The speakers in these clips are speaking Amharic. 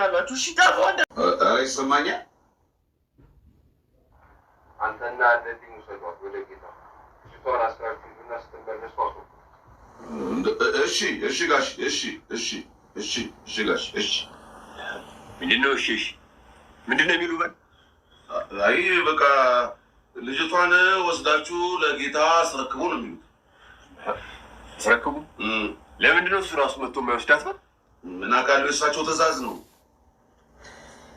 ታገኛላችሁ። እሺ ታሆነ ይሰማኛል። አንተና ወደ ጌታ ሽቷን አስራችሁ እሺ ጋሽ፣ እሺ፣ እሺ፣ እሺ፣ እሺ ጋሽ፣ እሺ። እሺ፣ እሺ፣ የሚሉ በል። አይ በቃ ልጅቷን ወስዳችሁ ለጌታ አስረክቡ ነው የሚሉት። አስረክቡ ለምንድን እሱ ራሱ መጥቶ የማይወስዳት ነው? ምን አውቃለሁ፣ የእሳቸው ትእዛዝ ነው።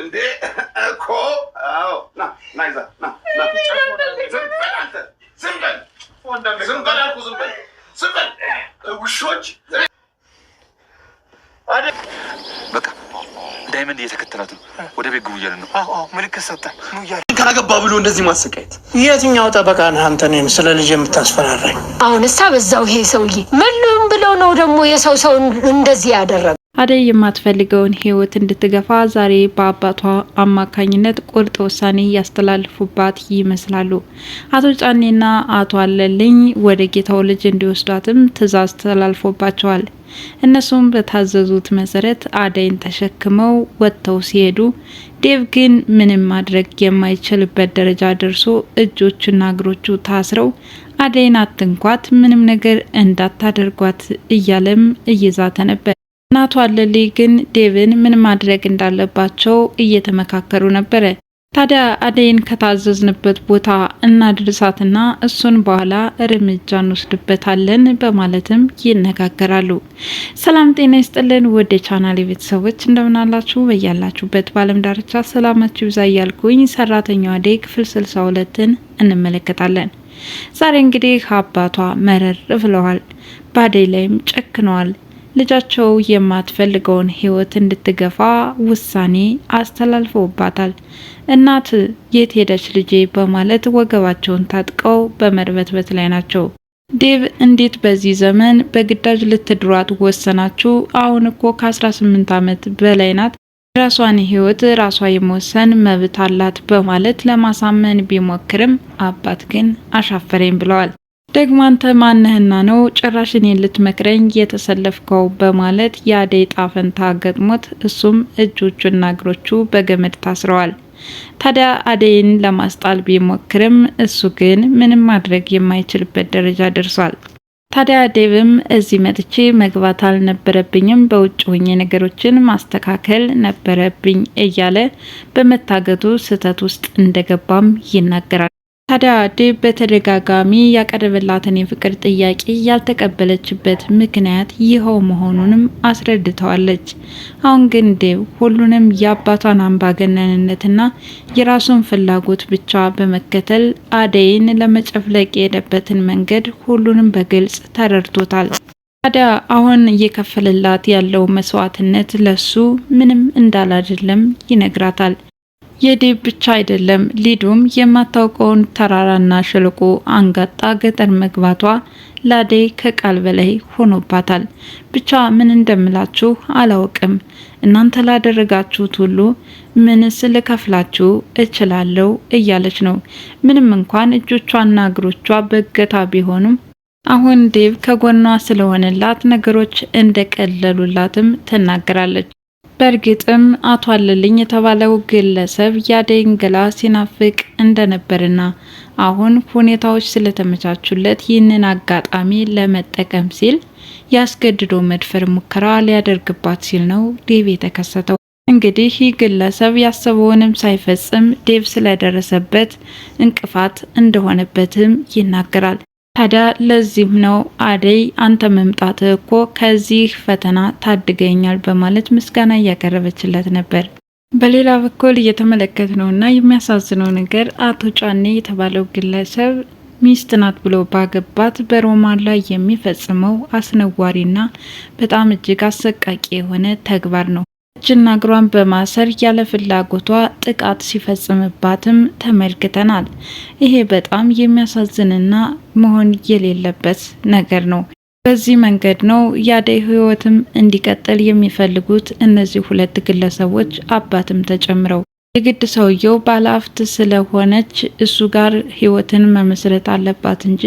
እንዴ እኮ ውሾች በቃ ዳይመንድ እየተከተላት ነው። ወደ ቤት ግቡ ነው። ምልክት ሰጠን። ብሎ እንደዚህ ማሰቃየት የትኛው ጠበቃ ነህ አንተ? እኔን ስለ ልጅ የምታስፈራራኝ አሁን እሳ በዛው ይሄ ሰውዬ ምንም ብለው ነው ደግሞ የሰው ሰው እንደዚህ ያደረገ አደይ የማትፈልገውን ህይወት እንድትገፋ ዛሬ በአባቷ አማካኝነት ቁርጥ ውሳኔ ያስተላልፉባት ይመስላሉ። አቶ ጫኔና አቶ አለልኝ ወደ ጌታው ልጅ እንዲወስዷትም ትዕዛዝ ተላልፎባቸዋል። እነሱም በታዘዙት መሰረት አደይን ተሸክመው ወጥተው ሲሄዱ ዴቭ ግን ምንም ማድረግ የማይችልበት ደረጃ ደርሶ እጆቹና እግሮቹ ታስረው አደይን አትንኳት፣ ምንም ነገር እንዳታደርጓት እያለም እየዛተ ነበር። እናቷ አለሊ ግን ዴቭን ምን ማድረግ እንዳለባቸው እየተመካከሩ ነበረ። ታዲያ አደይን ከታዘዝንበት ቦታ እናድርሳትና እሱን በኋላ እርምጃ እንወስድበታለን በማለትም ይነጋገራሉ። ሰላም ጤና ይስጥልን ወደ ቻናል ቤተሰቦች እንደምናላችሁ በያላችሁበት በዓለም ዳርቻ ሰላማችሁ ይብዛ እያልኩኝ ሰራተኛዋ አደይ ክፍል ስልሳ ሁለትን እንመለከታለን። ዛሬ እንግዲህ አባቷ መረር ብለዋል፣ በአደይ ላይም ጨክነዋል። ልጃቸው የማትፈልገውን ህይወት እንድትገፋ ውሳኔ አስተላልፈውባታል። እናት የት ሄደች ልጄ በማለት ወገባቸውን ታጥቀው በመርበትበት ላይ ናቸው። ዴቭ እንዴት በዚህ ዘመን በግዳጅ ልትድሯት ወሰናችሁ? አሁን እኮ ከ18 ዓመት በላይ ናት። የራሷን ህይወት ራሷ የመወሰን መብት አላት በማለት ለማሳመን ቢሞክርም አባት ግን አሻፈረኝ ብለዋል። ደግሞ አንተ ማነህና ነው ጭራሽ እኔን ልትመክረኝ የተሰለፍከው? በማለት የአደይ ጣፈንታ ገጥሞት እሱም እጆቹና እግሮቹ በገመድ ታስረዋል። ታዲያ አደይን ለማስጣል ቢሞክርም እሱ ግን ምንም ማድረግ የማይችልበት ደረጃ ደርሷል። ታዲያ ዴብም እዚህ መጥቼ መግባት አልነበረብኝም፣ በውጭ ሆኜ ነገሮችን ማስተካከል ነበረብኝ እያለ በመታገቱ ስህተት ውስጥ እንደገባም ይናገራል። ታዲያ ዴብ በተደጋጋሚ ያቀረበላትን የፍቅር ጥያቄ ያልተቀበለችበት ምክንያት ይኸው መሆኑንም አስረድተዋለች። አሁን ግን ዴብ ሁሉንም የአባቷን አምባገነንነትና የራሱን ፍላጎት ብቻ በመከተል አደይን ለመጨፍለቅ የሄደበትን መንገድ ሁሉንም በግልጽ ተረድቶታል። ታዲያ አሁን እየከፈለላት ያለው መስዋዕትነት ለሱ ምንም እንዳላደለም ይነግራታል። የዴብ ብቻ አይደለም ሊዱም የማታውቀውን ተራራና ሸለቆ አንጋጣ ገጠር መግባቷ ላዴ ከቃል በላይ ሆኖባታል። ብቻ ምን እንደምላችሁ አላውቅም። እናንተ ላደረጋችሁት ሁሉ ምንስ ልከፍላችሁ እችላለሁ እያለች ነው። ምንም እንኳን እጆቿና እግሮቿ በእገታ ቢሆኑም አሁን ዴብ ከጎኗ ስለሆነላት ነገሮች እንደቀለሉላትም ትናገራለች። በእርግጥም አቶ አለልኝ የተባለው ግለሰብ የአደይን ገላ ሲናፍቅ እንደነበርና አሁን ሁኔታዎች ስለተመቻቹለት ይህንን አጋጣሚ ለመጠቀም ሲል ያስገድዶ መድፈር ሙከራ ሊያደርግባት ሲል ነው ዴቭ የተከሰተው። እንግዲህ ይህ ግለሰብ ያሰበውንም ሳይፈጽም ዴቭ ስለደረሰበት እንቅፋት እንደሆነበትም ይናገራል። ታዲያ ለዚህም ነው አደይ አንተ መምጣት እኮ ከዚህ ፈተና ታድገኛል በማለት ምስጋና እያቀረበችለት ነበር። በሌላ በኩል እየተመለከት ነው እና የሚያሳዝነው ነገር አቶ ጫኔ የተባለው ግለሰብ ሚስት ናት ብሎ ባገባት በሮማን ላይ የሚፈጽመው አስነዋሪና በጣም እጅግ አሰቃቂ የሆነ ተግባር ነው። እጅና እግሯን በማሰር ያለ ፍላጎቷ ጥቃት ሲፈጽምባትም ተመልክተናል። ይሄ በጣም የሚያሳዝንና መሆን የሌለበት ነገር ነው። በዚህ መንገድ ነው የአደይ ህይወትም እንዲቀጥል የሚፈልጉት እነዚህ ሁለት ግለሰቦች አባትም ተጨምረው። የግድ ሰውየው ባለሀብት ስለሆነች እሱ ጋር ህይወትን መመስረት አለባት እንጂ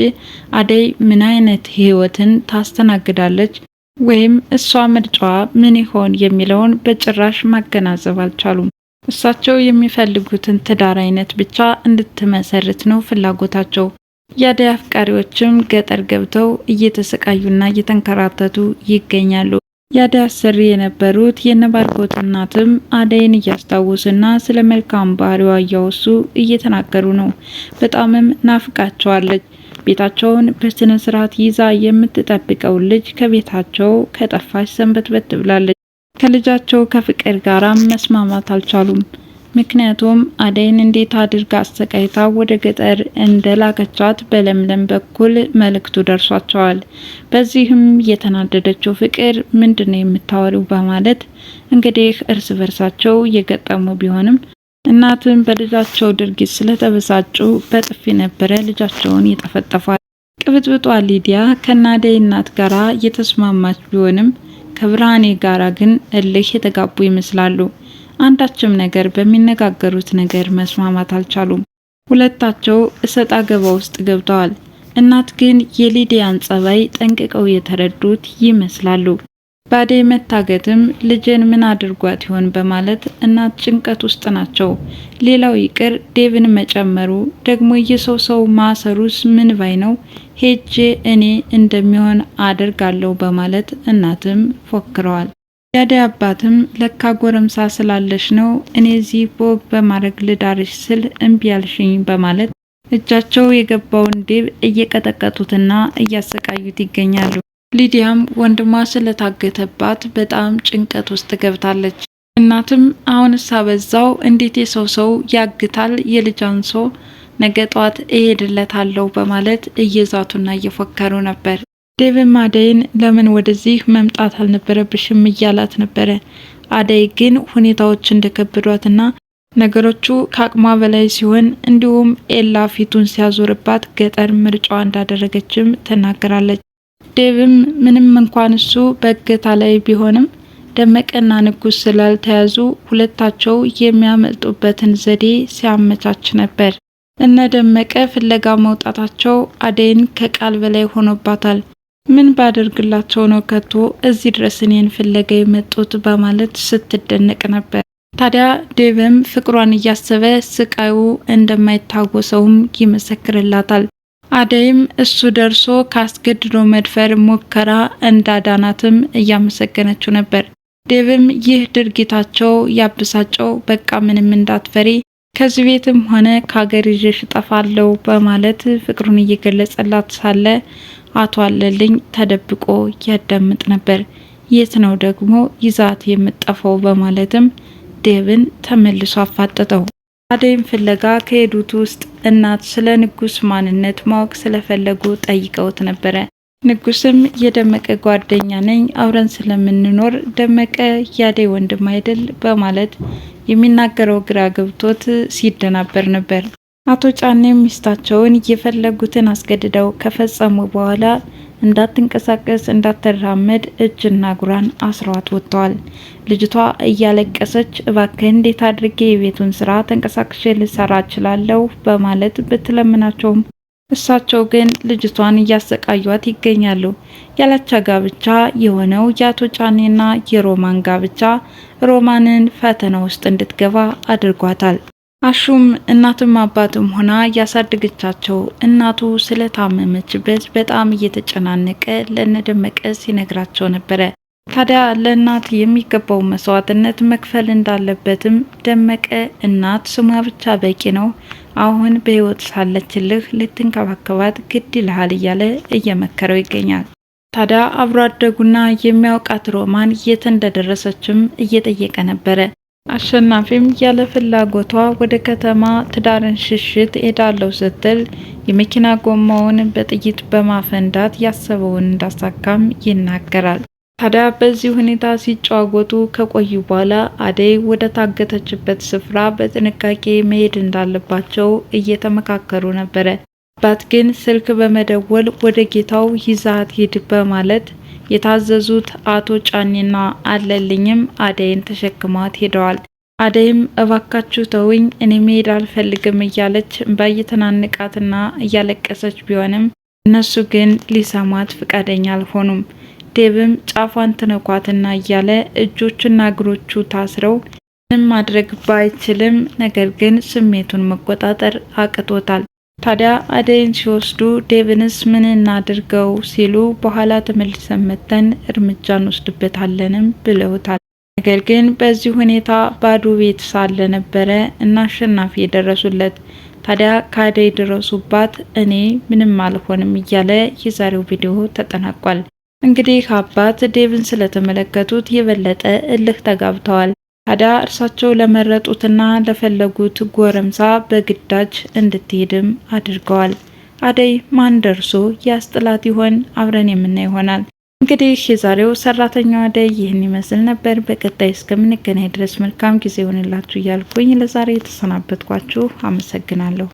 አደይ ምን አይነት ህይወትን ታስተናግዳለች? ወይም እሷ ምርጫዋ ምን ይሆን የሚለውን በጭራሽ ማገናዘብ አልቻሉም። እሳቸው የሚፈልጉትን ትዳር አይነት ብቻ እንድትመሰርት ነው ፍላጎታቸው። የአደይ አፍቃሪዎችም ገጠር ገብተው እየተሰቃዩና እየተንከራተቱ ይገኛሉ። የአደይ አሰሪ የነበሩት የነባርኮት እናትም አደይን እያስታወሱና ስለ መልካም ባህሪዋ እያወሱ እየተናገሩ ነው። በጣምም ናፍቃቸዋለች። ቤታቸውን በስነ ስርዓት ይዛ የምትጠብቀው ልጅ ከቤታቸው ከጠፋች ሰንበትበት ብላለች። ከልጃቸው ከፍቅር ጋራም መስማማት አልቻሉም። ምክንያቱም አደይን እንዴት አድርጋ አሰቃይታ ወደ ገጠር እንደላከቻት በለምለም በኩል መልእክቱ ደርሷቸዋል። በዚህም የተናደደችው ፍቅር ምንድነው የምታወሪው በማለት እንግዲህ እርስ በርሳቸው እየገጠሙ ቢሆንም እናቱን በልጃቸው ድርጊት ስለተበሳጩ በጥፊ ነበረ ልጃቸውን የጠፈጠፏል። ቅብጥብጧ ሊዲያ ከናደይ እናት ጋራ የተስማማች ቢሆንም ከብርሃኔ ጋራ ግን እልህ የተጋቡ ይመስላሉ። አንዳችም ነገር በሚነጋገሩት ነገር መስማማት አልቻሉም። ሁለታቸው እሰጥ አገባ ውስጥ ገብተዋል። እናት ግን የሊዲያን ጸባይ ጠንቅቀው የተረዱት ይመስላሉ። በአደይ መታገትም ልጄን ምን አድርጓት ይሆን በማለት እናት ጭንቀት ውስጥ ናቸው። ሌላው ይቅር ዴቭን መጨመሩ ደግሞ የሰው ሰው ማሰሩስ ምን ባይ ነው ሄጄ እኔ እንደሚሆን አደርጋለሁ በማለት እናትም ፎክረዋል። የአደይ አባትም ለካ ጎረምሳ ስላለሽ ነው እኔ እዚህ ቦግ በማድረግ ልዳርሽ ስል እምቢ ያልሽኝ በማለት እጃቸው የገባውን ዴቭ እየቀጠቀጡትና እያሰቃዩት ይገኛሉ። ሊዲያም ወንድሟ ስለታገተባት በጣም ጭንቀት ውስጥ ገብታለች። እናትም አሁን ሳበዛው እንዴት የሰው ሰው ያግታል የልጅ አንሶ ነገ ጠዋት እሄድለታለሁ በማለት እየዛቱና እየፎከሩ ነበር። ዴቭም አደይን ለምን ወደዚህ መምጣት አልነበረብሽም እያላት ነበረ። አደይ ግን ሁኔታዎች እንደከበዷትና ነገሮቹ ከአቅሟ በላይ ሲሆን እንዲሁም ኤላ ፊቱን ሲያዞርባት ገጠር ምርጫዋ እንዳደረገችም ትናገራለች። ዴቭም ምንም እንኳን እሱ በእገታ ላይ ቢሆንም ደመቀና ንጉስ ስላልተያዙ ሁለታቸው የሚያመልጡበትን ዘዴ ሲያመቻች ነበር። እነ ደመቀ ፍለጋ መውጣታቸው አደይን ከቃል በላይ ሆኖባታል። ምን ባደርግላቸው ነው ከቶ እዚህ ድረስ እኔን ፍለጋ የመጡት በማለት ስትደነቅ ነበር። ታዲያ ዴቭም ፍቅሯን እያሰበ ስቃዩ እንደማይታወሰውም ይመሰክርላታል። አደይም እሱ ደርሶ ካስገድዶ መድፈር ሙከራ እንዳዳናትም እያመሰገነችው ነበር። ዴቭም ይህ ድርጊታቸው ያብሳጨው፣ በቃ ምንም እንዳትፈሪ ከዚህ ቤትም ሆነ ከሀገር ይዤሽ እጠፋለሁ በማለት ፍቅሩን እየገለጸላት ሳለ አቶ አለልኝ ተደብቆ ያዳምጥ ነበር። የት ነው ደግሞ ይዛት የምጠፋው በማለትም ዴቭን ተመልሶ አፋጠጠው። አደይም ፍለጋ ከሄዱት ውስጥ እናት ስለ ንጉስ ማንነት ማወቅ ስለፈለጉ ጠይቀውት ነበረ። ንጉስም የደመቀ ጓደኛ ነኝ፣ አብረን ስለምንኖር ደመቀ ያደይ ወንድም አይደል በማለት የሚናገረው ግራ ገብቶት ሲደናበር ነበር። አቶ ጫኔም ሚስታቸውን የፈለጉትን አስገድደው ከፈጸሙ በኋላ እንዳትንቀሳቀስ እንዳትራመድ እጅና እግሯን አስሯት ወጥተዋል። ልጅቷ እያለቀሰች እባክህ እንዴት አድርጌ የቤቱን ስራ ተንቀሳቅሼ ልሰራ እችላለሁ በማለት ብትለምናቸውም እሳቸው ግን ልጅቷን እያሰቃዩት ይገኛሉ። ያላቻ ጋብቻ የሆነው የአቶ ጫኔና የሮማን ጋብቻ ሮማንን ፈተና ውስጥ እንድትገባ አድርጓታል። አሹም እናትም አባትም ሆና እያሳደገቻቸው እናቱ ስለታመመችበት በጣም እየተጨናነቀ ለነደመቀ ሲነግራቸው ነበረ። ታዲያ ለእናት የሚገባው መስዋዕትነት መክፈል እንዳለበትም ደመቀ እናት ስሟ ብቻ በቂ ነው፣ አሁን በህይወት ሳለችልህ ልትንከባከባት ግድ ይልሃል እያለ እየመከረው ይገኛል። ታዲያ አብሮ አደጉና የሚያውቃት ሮማን የት እንደደረሰችም እየጠየቀ ነበረ። አሸናፊም ያለ ፍላጎቷ ወደ ከተማ ትዳርን ሽሽት እሄዳለሁ ስትል የመኪና ጎማውን በጥይት በማፈንዳት ያሰበውን እንዳሳካም ይናገራል። ታዲያ በዚህ ሁኔታ ሲጨዋወቱ ከቆዩ በኋላ አደይ ወደ ታገተችበት ስፍራ በጥንቃቄ መሄድ እንዳለባቸው እየተመካከሩ ነበረ። አባት ግን ስልክ በመደወል ወደ ጌታው ይዛት ሂድ በማለት የታዘዙት አቶ ጫኔና አለልኝም አደይን ተሸክማት ሄደዋል። አደይም እባካችሁ ተውኝ፣ እኔ መሄድ አልፈልግም እያለች በየተናንቃትና እያለቀሰች ቢሆንም እነሱ ግን ሊሰማት ፍቃደኛ አልሆኑም። ዴብም ጫፏን ትነኳትና እያለ እጆቹና እግሮቹ ታስረው ምንም ማድረግ ባይችልም ነገር ግን ስሜቱን መቆጣጠር አቅቶታል። ታዲያ አደይን ሲወስዱ ዴቭንስ ምን እናድርገው ሲሉ በኋላ ተመልሰን መተን እርምጃ እንወስድበታለንም ብለውታል። ነገር ግን በዚህ ሁኔታ ባዶ ቤት ሳለ ነበረ እና አሸናፊ የደረሱለት። ታዲያ ከአደይ ደረሱባት፣ እኔ ምንም አልሆንም እያለ የዛሬው ቪዲዮ ተጠናቋል። እንግዲህ አባት ዴቭን ስለተመለከቱት የበለጠ እልህ ተጋብተዋል። ታዲያ እርሳቸው ለመረጡትና ለፈለጉት ጎረምሳ በግዳጅ እንድትሄድም አድርገዋል። አደይ ማን ደርሶ ያስጥላት ይሆን? አብረን የምናይ ይሆናል። እንግዲህ የዛሬው ሰራተኛው አደይ ይህን ይመስል ነበር። በቀጣይ እስከምንገናኝ ድረስ መልካም ጊዜ ይሆንላችሁ እያልኩኝ ለዛሬ የተሰናበትኳችሁ አመሰግናለሁ።